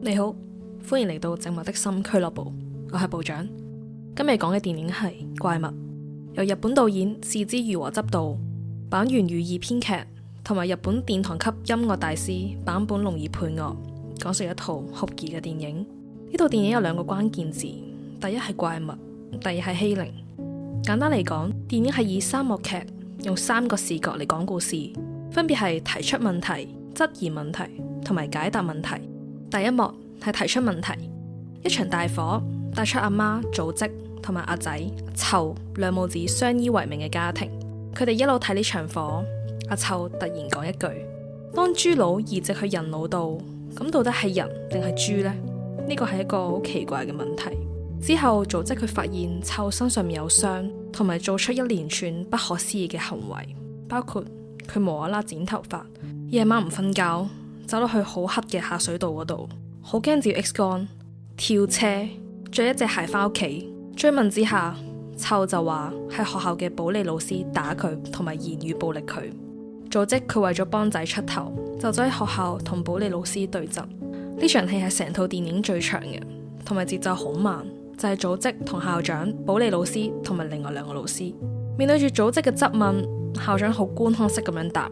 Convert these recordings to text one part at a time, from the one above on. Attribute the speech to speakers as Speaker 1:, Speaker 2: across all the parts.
Speaker 1: 你好，歡迎嚟到寂寞的心俱樂部。我係部長，今日講嘅電影係怪物，由日本導演是枝裕和執導，坂元裕二編劇，同埋日本殿堂級音樂大師坂本龍二配樂，講述一套酷兒嘅電影。呢套電影有兩個關鍵字，第一係怪物，第二係欺凌。簡單嚟講，電影係以三幕劇用三個視角嚟講故事，分別係提出問題、質疑問題同埋解答問題。第一幕係提出問題，一場大火帶出阿媽，媽、組織同埋阿仔、湊兩母子相依為命嘅家庭。佢哋一路睇呢場火，阿、啊、湊突然講一句，當豬腦移植去人腦度，咁到底係人定係豬呢？呢個係一個好奇怪嘅問題。之後，組織佢發現湊身上面有傷，同埋做出一連串不可思議嘅行為，包括佢無啦啦剪頭髮、夜晚唔瞓覺，走落去好黑嘅下水道嗰度，好驚就要 X 光跳車，着一隻鞋翻屋企追問之下，臭就話係學校嘅保利老師打佢，同埋言語暴力佢。組織佢為咗幫仔出頭，就走喺學校同保利老師對質呢場戲係成套電影最長嘅，同埋節奏好慢，就係、是、組織同校長保利老師同埋另外兩個老師面對住組織嘅質問，校長好官腔式咁樣答。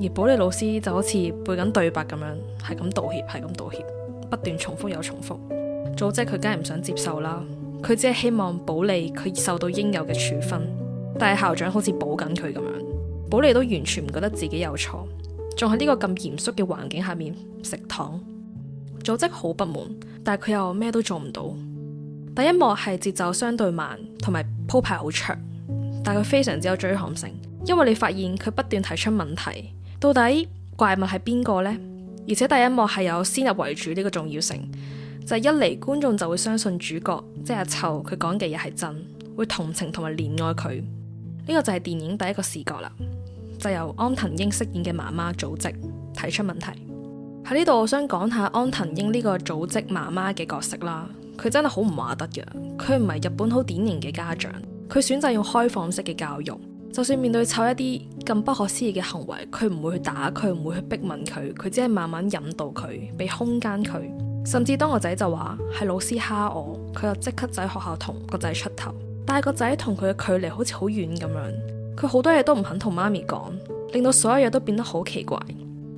Speaker 1: 而保利老師就好似背緊對白咁樣，係咁道歉，係咁道歉，不斷重複又重複。早織佢梗係唔想接受啦，佢只係希望保利佢受到應有嘅處分。但係校長好似保緊佢咁樣，保利都完全唔覺得自己有錯。仲喺呢個咁嚴肅嘅環境下面食糖，早織好不滿，但係佢又咩都做唔到。第一幕係節奏相對慢，同埋鋪排好長，但係佢非常之有追看性，因為你發現佢不斷提出問題。到底怪物係邊個呢？而且第一幕係有先入為主呢個重要性，就是、一嚟觀眾就會相信主角，即係阿湊佢講嘅嘢係真，會同情同埋憐愛佢。呢、這個就係電影第一個視角啦。就由安藤櫻飾演嘅媽媽組織提出問題。喺呢度，我想講下安藤櫻呢個組織媽媽嘅角色啦。佢真係好唔話得嘅，佢唔係日本好典型嘅家長，佢選擇用開放式嘅教育。就算面對醜一啲咁不可思議嘅行為，佢唔會去打佢，唔會去逼問佢，佢只係慢慢引導佢，俾空間佢。甚至當個仔就話係老師蝦我，佢又即刻喺學校同個仔出頭，但係個仔同佢嘅距離好似好遠咁樣，佢好多嘢都唔肯同媽咪講，令到所有嘢都變得好奇怪。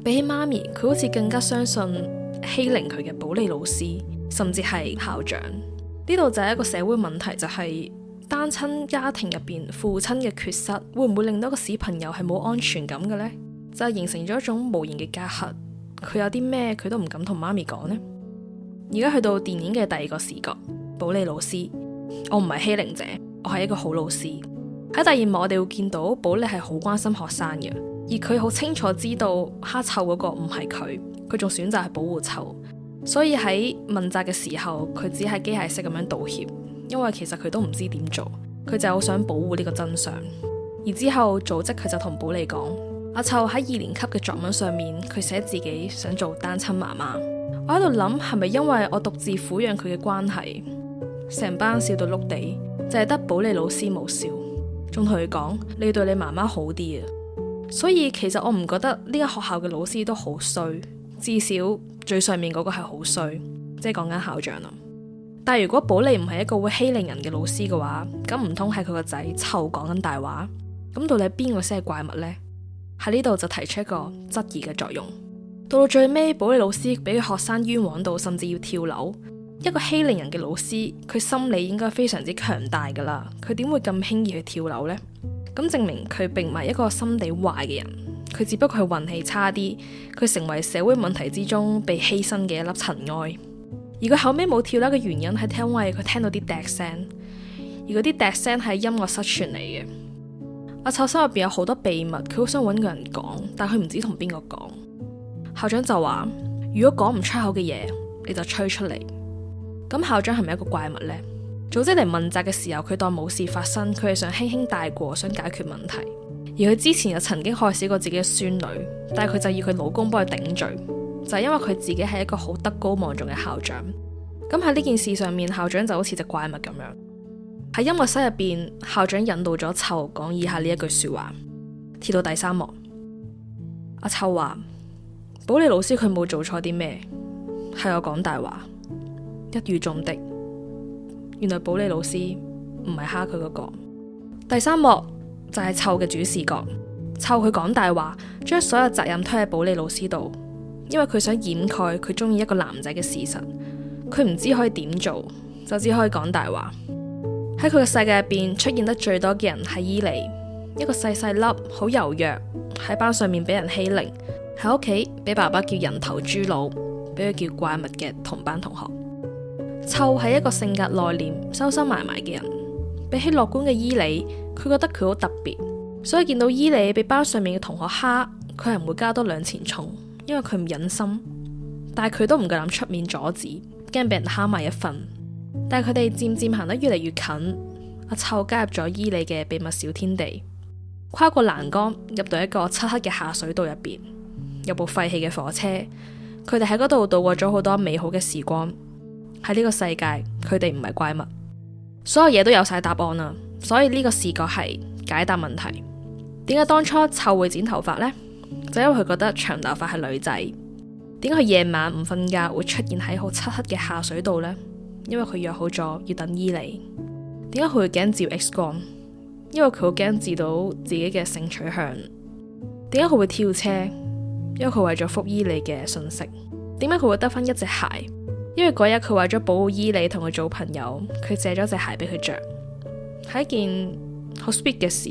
Speaker 1: 比起媽咪，佢好似更加相信欺凌佢嘅保利老師，甚至係校長。呢度就係一個社會問題，就係、是。單親家庭入邊，父親嘅缺失會唔會令到個小朋友係冇安全感嘅呢？就形成咗一種無形嘅隔閡。佢有啲咩佢都唔敢同媽咪講呢。而家去到電影嘅第二個視角，保利老師，我唔係欺凌者，我係一個好老師。喺第二幕我哋會見到保利係好關心學生嘅，而佢好清楚知道蝦臭嗰個唔係佢，佢仲選擇係保護臭。所以喺問責嘅時候，佢只係機械式咁樣道歉。因為其實佢都唔知點做，佢就好想保護呢個真相。而之後，組織佢就同保利講：阿湊喺二年級嘅作文上面，佢寫自己想做單親媽媽。我喺度諗，係咪因為我獨自撫養佢嘅關係。成班笑到碌地，淨係得保利老師冇笑，仲同佢講：你對你媽媽好啲啊。所以其實我唔覺得呢間學校嘅老師都好衰，至少最上面嗰個係好衰，即係講緊校長啦。但如果保利唔係一個會欺凌人嘅老師嘅話，咁唔通係佢個仔臭講緊大話？咁到底邊個先係怪物呢？喺呢度就提出一個質疑嘅作用。到到最尾，保利老師俾佢學生冤枉到甚至要跳樓。一個欺凌人嘅老師，佢心理應該非常之強大噶啦。佢點會咁輕易去跳樓呢？咁證明佢並唔係一個心地壞嘅人，佢只不過係運氣差啲，佢成為社會問題之中被犧牲嘅一粒塵埃。而佢後尾冇跳樓嘅原因係因為佢聽到啲笛聲，而嗰啲笛聲係音樂失傳嚟嘅。阿湊心入邊有好多秘密，佢好想揾個人講，但佢唔知同邊個講。校長就話：如果講唔出口嘅嘢，你就吹出嚟。咁校長係咪一個怪物呢？組織嚟問責嘅時候，佢當冇事發生，佢係想輕輕帶過，想解決問題。而佢之前又曾經害死過自己嘅孫女，但係佢就要佢老公幫佢頂罪。就因為佢自己係一個好德高望重嘅校長，咁喺呢件事上面，校長就好似隻怪物咁樣喺音樂室入邊，校長引導咗臭講以下呢一句說話，貼到第三幕。阿臭話：保利老師佢冇做錯啲咩，係我講大話一語中的。原來保利老師唔係蝦佢嗰個。第三幕就係、是、臭嘅主視角，臭佢講大話，將所有責任推喺保利老師度。因為佢想掩蓋佢中意一個男仔嘅事實，佢唔知可以點做，就只可以講大話。喺佢嘅世界入邊出現得最多嘅人係依里，一個細細粒好柔弱，喺班上面俾人欺凌，喺屋企俾爸爸叫人頭豬腦，俾佢叫怪物嘅同班同學。湊係一個性格內斂、收收埋埋嘅人，比起樂觀嘅依里，佢覺得佢好特別，所以見到依里俾班上面嘅同學蝦，佢係唔會加多兩錢重。因為佢唔忍心，但係佢都唔夠膽出面阻止，驚俾人蝦埋一份。但係佢哋漸漸行得越嚟越近，阿臭加入咗伊利嘅秘密小天地，跨過欄杆入到一個漆黑嘅下水道入邊，有部廢棄嘅火車，佢哋喺嗰度度過咗好多美好嘅時光。喺呢個世界，佢哋唔係怪物，所有嘢都有晒答案啦。所以呢個視覺係解答問題，點解當初臭會剪頭髮呢？就因為佢覺得長頭髮係女仔。點解佢夜晚唔瞓覺會出現喺好漆黑嘅下水道呢？因為佢約好咗要等伊麗。點解佢會驚照 X 光？因為佢好驚知到自己嘅性取向。點解佢會跳車？因為佢為咗覆伊麗嘅信息。點解佢會得翻一隻鞋？因為嗰日佢為咗保護伊麗同佢做朋友，佢借咗隻鞋俾佢着，係一件好 sweet 嘅事。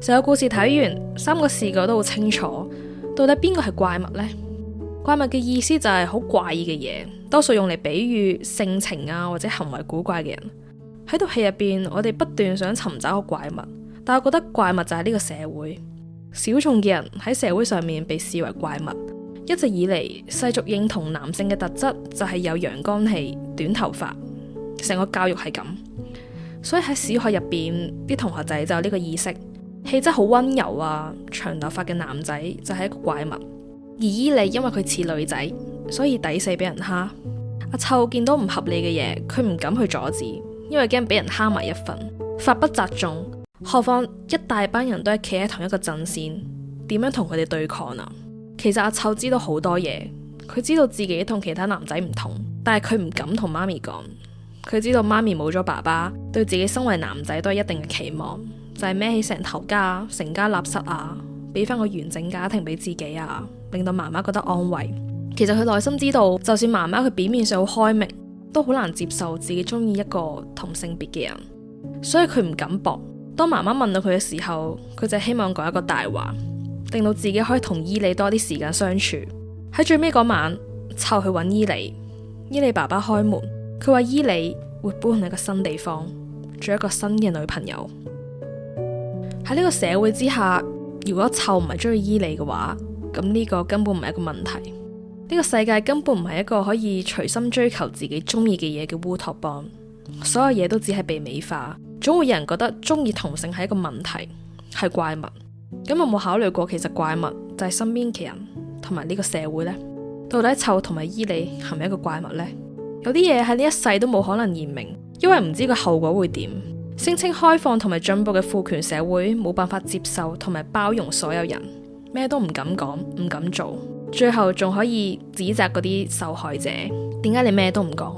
Speaker 1: 成個故事睇完，三個視角都好清楚，到底邊個係怪物呢？怪物嘅意思就係好怪異嘅嘢，多數用嚟比喻性情啊或者行為古怪嘅人，喺套戲入邊，我哋不斷想尋找個怪物，但我覺得怪物就係呢個社會小眾嘅人，喺社會上面被視為怪物。一直以嚟，世俗認同男性嘅特質就係有陽剛氣、短頭髮，成個教育係咁，所以喺小學入邊啲同學仔就有呢個意識。氣質好溫柔啊，長頭髮嘅男仔就係一個怪物。而依里因為佢似女仔，所以抵死俾人蝦。阿湊見到唔合理嘅嘢，佢唔敢去阻止，因為驚俾人蝦埋一份。法不責眾，何況一大班人都係企喺同一個陣線，點樣同佢哋對抗啊？其實阿湊知道好多嘢，佢知道自己同其他男仔唔同，但係佢唔敢同媽咪講。佢知道媽咪冇咗爸爸，對自己身為男仔都係一定嘅期望。就係孭起成頭家，成家立室啊，俾翻個完整家庭俾自己啊，令到媽媽覺得安慰。其實佢內心知道，就算媽媽佢表面上好開明，都好難接受自己中意一個同性別嘅人，所以佢唔敢搏。當媽媽問到佢嘅時候，佢就希望講一個大話，令到自己可以同伊麗多啲時間相處。喺最尾嗰晚，湊去搵伊麗，伊麗爸爸開門，佢話伊麗會搬去一個新地方，做一個新嘅女朋友。喺呢個社會之下，如果湊唔係中意伊利嘅話，咁呢個根本唔係一個問題。呢個世界根本唔係一個可以隨心追求自己中意嘅嘢嘅烏托邦，所有嘢都只係被美化。總會有人覺得中意同性係一個問題，係怪物。咁有冇考慮過其實怪物就係身邊嘅人同埋呢個社會呢？到底湊同埋伊利係咪一個怪物呢？有啲嘢喺呢一世都冇可能言明，因為唔知個後果會點。聲稱開放同埋進步嘅父權社會冇辦法接受同埋包容所有人，咩都唔敢講，唔敢做，最後仲可以指責嗰啲受害者。點解你咩都唔講？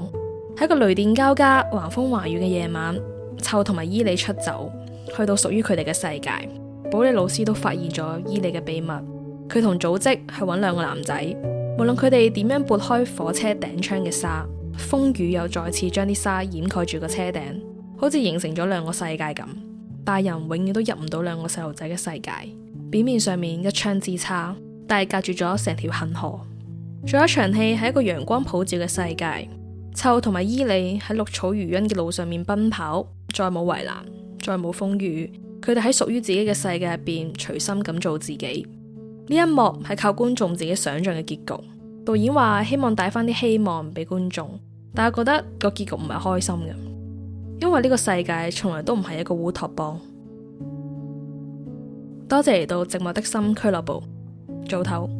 Speaker 1: 喺個雷電交加、橫風橫雨嘅夜晚，湊同埋伊莉出走，去到屬於佢哋嘅世界。保利老師都發現咗伊莉嘅秘密，佢同組織去揾兩個男仔，無論佢哋點樣撥開火車頂窗嘅沙，風雨又再次將啲沙掩蓋住個車頂。好似形成咗兩個世界咁，大人永遠都入唔到兩個細路仔嘅世界。表面上面一牆之差，但係隔住咗成條恆河。最後一場戲喺一個陽光普照嘅世界，湊同埋依里喺綠草如茵嘅路上面奔跑，再冇圍欄，再冇風雨，佢哋喺屬於自己嘅世界入邊隨心咁做自己。呢一幕係靠觀眾自己想象嘅結局。導演話希望帶翻啲希望俾觀眾，但係覺得個結局唔係開心嘅。因為呢個世界從來都唔係一個烏托邦。多謝嚟到寂寞的心俱樂部，早唞。